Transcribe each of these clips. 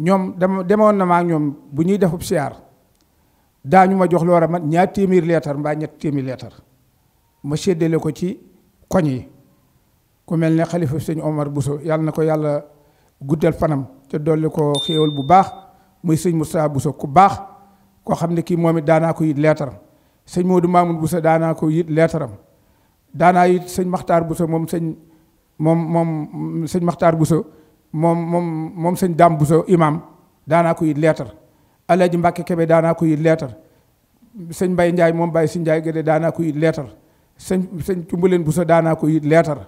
ñoom dama demoon na maa ñoom bu ñuy defub siyaar daañu ma jox loola man ñaar téeméeri leetar mbaa ñett téeméeri leetar ma séddale ko ci koñ yi ku mel ni xalifa sëñ Omar Bousso yàlla na ko yàlla guddal fanam te dolli ko xéewal bu baax muy sëñ Moustapha Bousso ku baax koo xam ne kii moom it daanaa ko yit leetaram sëñ Modou Mamoun Bousso daanaa ko yit leetaram daanaa yit sëñ Makhtar Bousso moom sëñ moom moom sëñ Makhtar Bousso moom moom moom sëñ Dame Bousso imam daanaa ko yit leetar Alaaji Mbàkke Kebe daanaa ko yit leetar sëñ Mbay Njaay moom Baye sëñ Njaay Gédé daanaa ko yit leetar sëñ sëñ Cumbaleen Bousso daanaa ko yit leetar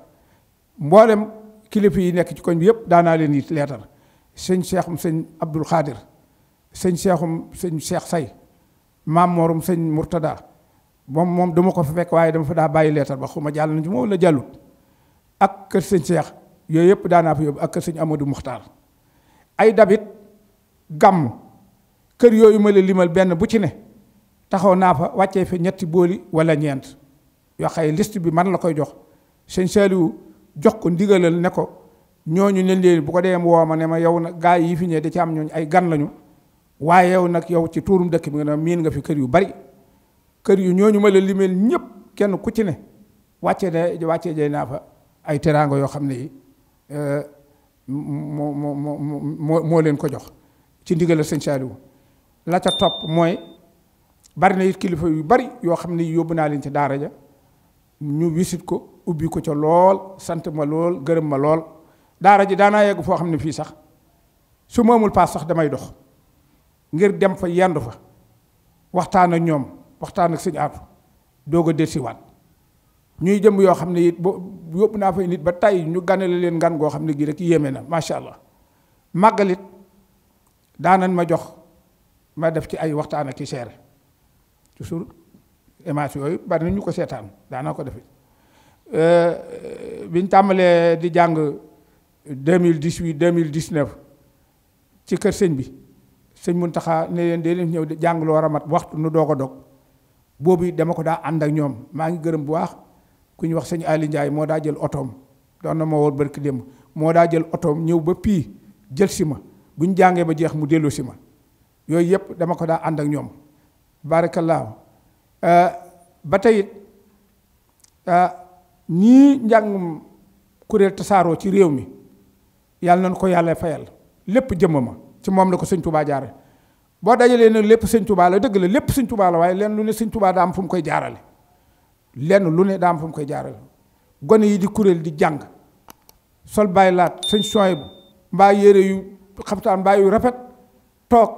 mboolem kilifa yi nekk ci koñ bi yëpp daanaa leen yit leetar sëñ Seexum sëñ Abdul Xaadir sëñ Seexum sëñ Seex Say maam Moorum sëñ Murtada moom moom dama ko fa fekk waaye dama fa daa bàyyi leetar ba xuma jàll na ci moom la jàllut ak kër sëñ Seex yooyu yëpp naa fa yóbbu ak sëñ amadu Muxtaar ay dabit gàmm kër yooyu ma la limal benn bu ci ne taxaw naa fa wàccee fi ñetti booli wala ñeent yoo xay liste bi man la koy jox sëñ Saliou jox ko ndigalal ne ko ñooñu ne leen bu ko dee woo ma ne ma yow nag gaa yi fi ñëwee da ci am ñooñu ay gan lañu waaye yow nag yow ci tuurum dëkk bi nga ne miin nga fi kër yu bari kër yu ñooñu ma la limel ñëpp kenn ku ci ne wàcce ne wàcce jay naa fa ay teraanga yoo xam ne moo moo moo moo leen ko jox ci ndigalal sëñ Saliou la ca topp mooy bari na it kilifa yu bari yoo xam ne yóbbu naa leen ci daara ja ñu wisit ko ubbi ko ca lool sant ma lool gërëm ma lool daara ji daanaa yegg foo xam ne fii sax su ma paas sax damay dox ngir dem fa yendu fa waxtaan ak ñoom waxtaan ak sëñ Aatu doog a dellusiwaat ñuy jëm yoo xam ne it yóbbu naa fay nit ba tey ñu ganale leen ngan goo xam ne gii rek yéeme na macha allah màggalit daanan ma jox ma def ci ay waxtaan ak i seere toujours émission yooyu bari na ñu ko seetaan daana ko defee euh, biñ tàmbalee di jàng deux mille dix huit deux mille dix neuf ci kër sëñ bi sëñ Muntaxa ne leen dee leen ñëw di jàng lu war a mat waxtu nu doog a dog boobu dama ko daa ànd ak ñoom maa ngi gërëm bu baax. ku ñu wax sëñ Ali moo daa jël otoom doon na ma woon barki démb moo daa jël otoom ñëw ba pii jël si ma bu ñu jàngee ba jeex mu dellu si ma yooyu yëpp dama ko daa ànd ak ñoom barakallaahu euh, ba tey euh, ñii njàngum kuréel tasaaroo ci réew mi yàlla nañu ko yàlla fayal lépp jëmm ma ci moom la ko sëñ Touba jaare boo dajalee nag lépp sëñ Touba la dëgg la lépp sëñ Touba la waaye leen lu ne sëñ Touba daa am fu mu koy jaarale lenn lu ne daam fu mu koy jaaral gone yi di kuréel di jàng sol bàyyi laat sëñ sooy bu mbaa yére yu xabtaan mbaa yu rafet toog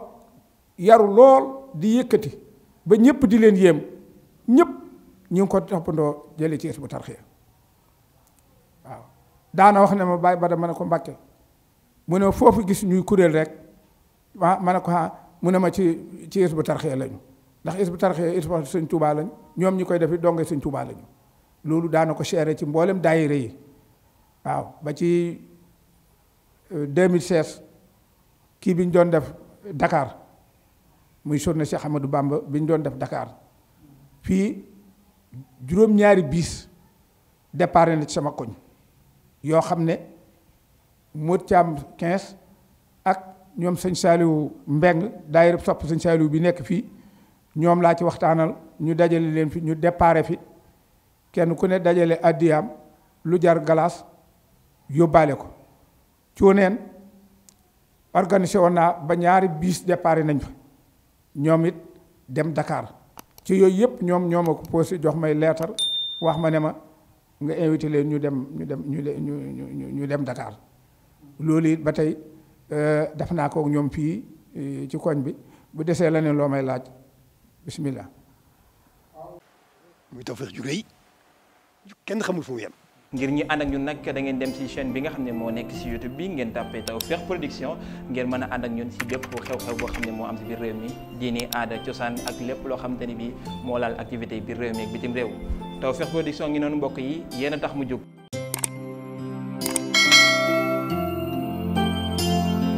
yaru lool di yëkkati ba ñëpp di leen yéem ñëpp ñu ngi ko toppandoo jële ci bu Tarqiyyah waaw daana wax ne ma bàyyi ba da ma ne ko mbàkke mu ne foofu gis ñuy kuréel rek ma ma ne ko ah, mu ne ma ci ci bu Tarqiyyah lañu ndax is bu tarxee is sëñ Tuubaa lañ ñoom ñi koy def it dongay sëñ Tuubaa loolu daana ko seere ci mboolem daayira yi waaw ba ci 2016 euh, kii bi ñu doon def dakaar muy journée Cheikh Amadou bàmb bi ñu doon def dakaar fii juróom-ñaari bis départ na ci sama koñ yoo xam ne Modou Thiam 15 ak ñoom sëñ Saliou Mbeng daayira sopp sëñ Saliou bi nekk fii. ñoom laa ci waxtaanal ñu dajale leen fi ñu déparé fi kenn ku ne dajale addiyaam lu jar galaas yóbbaale ko cuuneen organisé woon naa ba ñaari biis déparé nañ fa ñoom it dem Dakar ci yooyu yëpp ñoom ñoo ma ko posé jox may leetar wax ma ne ma nga invité leen ñu dem ñu dem ñu ñu ñu dem dakaar loolu it ba tey euh, def naa ko ñoom fii euh, ci koñ bi bu desee leneen loo may laaj. bisimilah. muy Tawfekh ju rëy kenn xamul fu mu yem. ngir ñu ànd ak ñun nag da ngeen dem ci chaîne bi nga xam ne moo nekk ci YouTube bi ngeen tàppee Tawfekh Production ngeen mën a ànd ak ñun ci bépp xew-xew boo xam ne moo am ci biir réew mi diini aada cosaan ak lépp loo xamante ni bi moo laal activité biir réew mi bitim réew Tawfekh Production ngi noonu mbokk yi yéen tax mu jóg.